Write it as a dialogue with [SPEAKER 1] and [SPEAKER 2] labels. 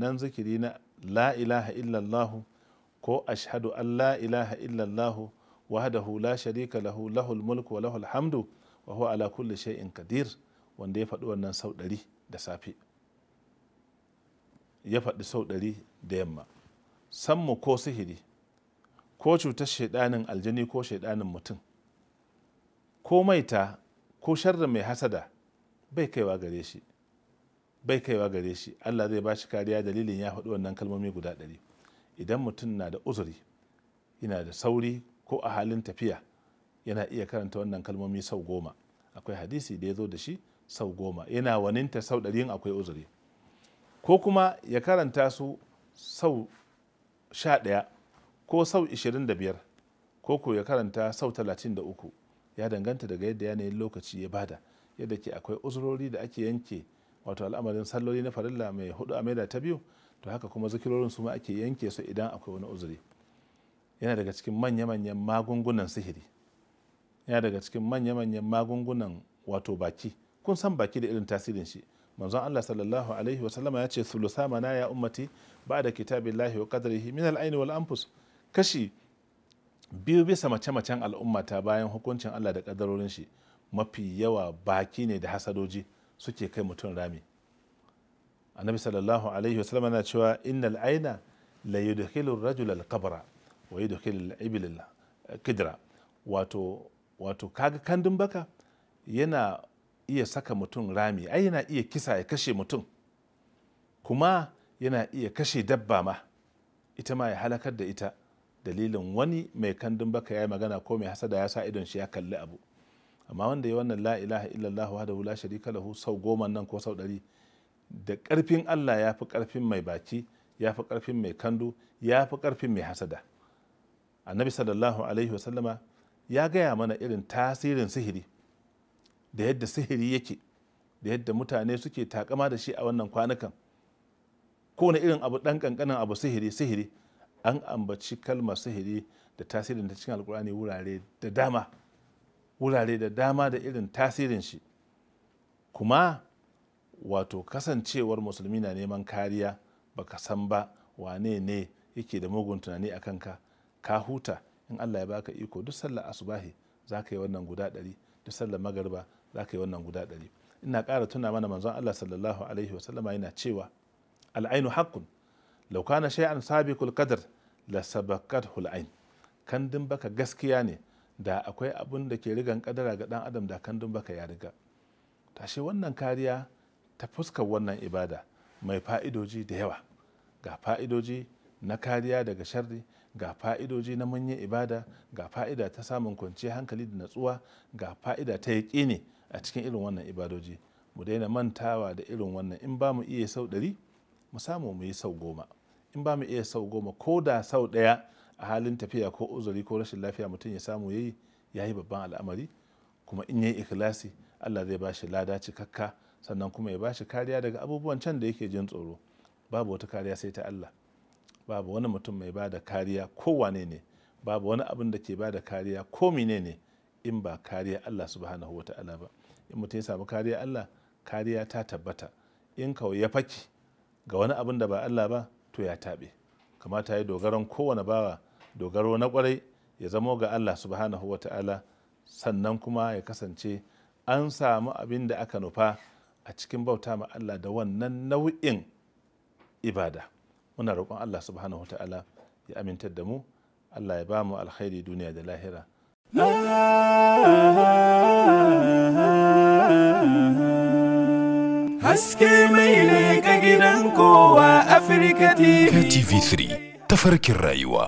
[SPEAKER 1] nan zikiri na la ilaha illallahu ko ashhadu an la ilaha illallahu wahdahu la sharika lahu lahul mulku wa lahul hamdu wa huwa ala kulli shay'in qadir wanda ya faɗi wannan sau ɗari da safe ya faɗi sau ɗari da yamma sammu ko sihiri ko cutar shaiɗanin aljani ko shaiɗanin mutum ko maita ko sharri mai hasada bai kaiwa gare shi bai kaiwa gare shi Allah zai ba shi kariya dalilin ya faɗi wannan kalmomi guda ɗari idan mutum na da uzuri yana da sauri ko a halin tafiya yana iya karanta wannan kalmomi sau goma akwai hadisi da ya zo da shi sau goma yana waninta sau ɗari akwai uzuri ko kuma ya karanta su sau sha ɗaya ko sau ishirin da biyar ko ko ya karanta sau talatin da uku ya danganta daga yadda yanayin lokaci ya bada yadda ke akwai uzurori da ake yanke wato al'amarin salloli na farilla mai hudu a maida ta biyu to haka kuma zikirorin su ma ake yanke su idan akwai wani uzuri yana daga cikin manya-manyan magungunan sihiri yana daga cikin manya-manyan magungunan wato baki kun san baki da irin tasirin shi manzon Allah sallallahu alaihi wa sallama ya ce sulusa mana ya ummati ba da kitabillahi wa qadrihi min al ayn wal anfus kashi biyu bisa mace-macen al'ummata bayan hukuncin Allah da kadarorin shi mafi yawa baki ne da hasadoji suke kai mutum rami annabi sallallahu alaihi wasallam yana cewa innal aina la yudkhilu ar-rajula al wa yudkhilu al-ibla kidra wato wato kaga kandun baka yana iya saka mutum rami ai yana iya kisa ya kashe mutum kuma yana iya kashe dabba ma ita ma ya halakar da ita dalilin wani mai kandun baka ya yi magana ko mai hasada ya sa idon shi ya kalli abu amma wanda ya wannan la ilaha illallah wahdahu la sharika lahu sau goma nan ko sau ɗari da ƙarfin Allah ya fi ƙarfin mai baki ya fi ƙarfin mai kandu ya fi ƙarfin mai hasada annabi sallallahu alaihi wasallama ya gaya mana irin tasirin sihiri da yadda sihiri yake da yadda mutane suke takama da shi a wannan kwanukan ko na irin abu ɗan ƙanƙanin abu sihiri sihiri an ambaci kalmar sihiri da tasirin ta cikin alkur'ani wurare da dama wurare da dama da irin tasirin shi kuma wato kasancewar musulmi na neman kariya baka san ba wane ne yake da mugun tunani a kanka ka huta in allah ya baka iko duk sallar asubahi za ka yi wannan guda ɗari duk sallar magarba za ka yi wannan guda ɗari ina ƙara tuna mana manzon allah sallallahu alaihi wasallama yana cewa al'ainu haqqun law kana shay'an sabiqul qadr la sabaqathu al'ain kandin baka gaskiya ne da akwai abin da ke rigan kadara ga dan adam da kandun baka ya riga tashi wannan kariya ta fuskar wannan ibada mai fa'idoji da yawa ga fa'idoji na kariya daga sharri ga fa'idoji na manyan ibada ga fa'ida ta samun kwanciyar hankali da natsuwa ga fa'ida ta yi ne a cikin irin wannan ibadoji mu daina mantawa da irin wannan in ba mu iya sau ɗari mu samu mu yi sau goma in ba mu iya sau goma ko da sau ɗaya A halin tafiya ko uzuri ko rashin lafiya mutum ya samu yayi yi babban al'amari kuma in yayi ikhlasi Allah zai bashi lada cikakka sannan kuma ya bashi kariya daga abubuwan can da yake jin tsoro babu wata kariya sai ta Allah babu wani mutum mai bada kariya ko wane ne babu wani abin da ke bada kariya ko mine ne in ba kariya Allah subhanahu wa ta'ala ba in mutum ya samu kariya Allah kariya ta tabbata in kawai ya faki ga wani abin da ba Allah ba to ya taɓe kamata ya dogaran kowane bawa dogaro na kwarai ya zamo ga Allah subhanahu wa ta'ala sannan kuma ya kasance an samu abin da aka nufa a cikin bauta ma Allah da wannan nau'in ibada muna roƙon Allah subhanahu wa ta'ala ya aminta da mu Allah ya ba mu alkhairi duniya da lahira haske mai ne ga gidan kowa Afirka TV. 3 tafarkin rayuwa.